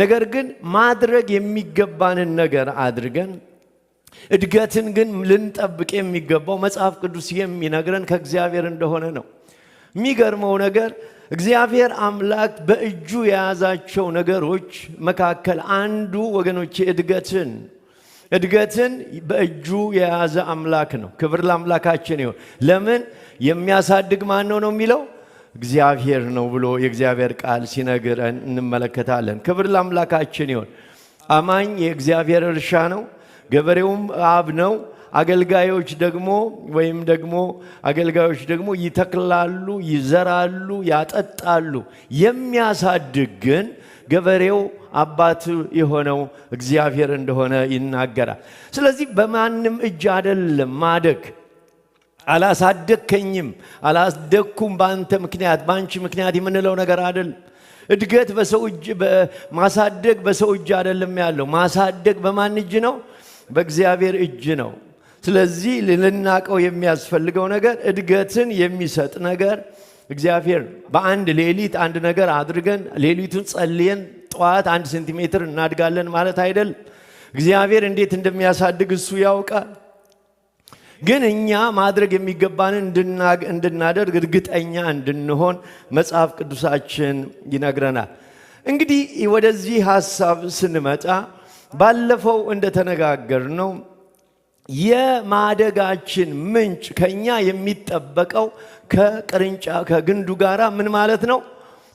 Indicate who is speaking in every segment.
Speaker 1: ነገር ግን ማድረግ የሚገባንን ነገር አድርገን እድገትን ግን ልንጠብቅ የሚገባው መጽሐፍ ቅዱስ የሚነግረን ከእግዚአብሔር እንደሆነ ነው። የሚገርመው ነገር እግዚአብሔር አምላክ በእጁ የያዛቸው ነገሮች መካከል አንዱ ወገኖች እድገትን እድገትን በእጁ የያዘ አምላክ ነው። ክብር ለአምላካችን ይሁን። ለምን የሚያሳድግ ማን ነው ነው የሚለው እግዚአብሔር ነው ብሎ የእግዚአብሔር ቃል ሲነግረን እንመለከታለን። ክብር ለአምላካችን ይሆን። አማኝ የእግዚአብሔር እርሻ ነው፣ ገበሬውም አብ ነው። አገልጋዮች ደግሞ ወይም ደግሞ አገልጋዮች ደግሞ ይተክላሉ፣ ይዘራሉ፣ ያጠጣሉ። የሚያሳድግ ግን ገበሬው አባት የሆነው እግዚአብሔር እንደሆነ ይናገራል። ስለዚህ በማንም እጅ አይደለም ማደግ አላሳደግከኝም፣ አላስደግኩም በአንተ ምክንያት በአንቺ ምክንያት የምንለው ነገር አይደል። እድገት በሰው እጅ ማሳደግ በሰው እጅ አይደለም ያለው። ማሳደግ በማን እጅ ነው? በእግዚአብሔር እጅ ነው። ስለዚህ ልናቀው የሚያስፈልገው ነገር እድገትን የሚሰጥ ነገር እግዚአብሔር በአንድ ሌሊት አንድ ነገር አድርገን ሌሊቱን ጸልየን ጠዋት አንድ ሴንቲሜትር እናድጋለን ማለት አይደል። እግዚአብሔር እንዴት እንደሚያሳድግ እሱ ያውቃል። ግን እኛ ማድረግ የሚገባንን እንድናደርግ እርግጠኛ እንድንሆን መጽሐፍ ቅዱሳችን ይነግረናል። እንግዲህ ወደዚህ ሀሳብ ስንመጣ ባለፈው እንደተነጋገርነው የማደጋችን ምንጭ ከኛ የሚጠበቀው ከቅርንጫ ከግንዱ ጋራ ምን ማለት ነው?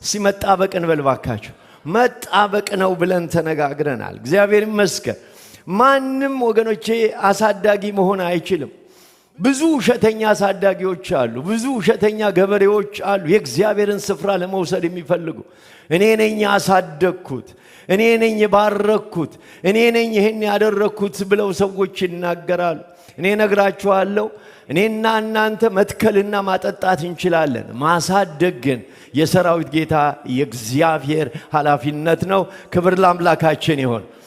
Speaker 1: ሲመጣበቅ እንበልባካቸው መጣበቅ ነው ብለን ተነጋግረናል። እግዚአብሔር ይመስገን። ማንም ወገኖቼ አሳዳጊ መሆን አይችልም። ብዙ ውሸተኛ አሳዳጊዎች አሉ። ብዙ ውሸተኛ ገበሬዎች አሉ፣ የእግዚአብሔርን ስፍራ ለመውሰድ የሚፈልጉ። እኔ ነኝ ያሳደግኩት፣ እኔ ነኝ የባረግኩት፣ እኔ ነኝ ይህን ያደረግኩት ብለው ሰዎች ይናገራሉ። እኔ ነግራችኋለሁ፣ እኔና እናንተ መትከልና ማጠጣት እንችላለን። ማሳደግ ግን የሰራዊት ጌታ የእግዚአብሔር ኃላፊነት ነው። ክብር ለአምላካችን ይሆን።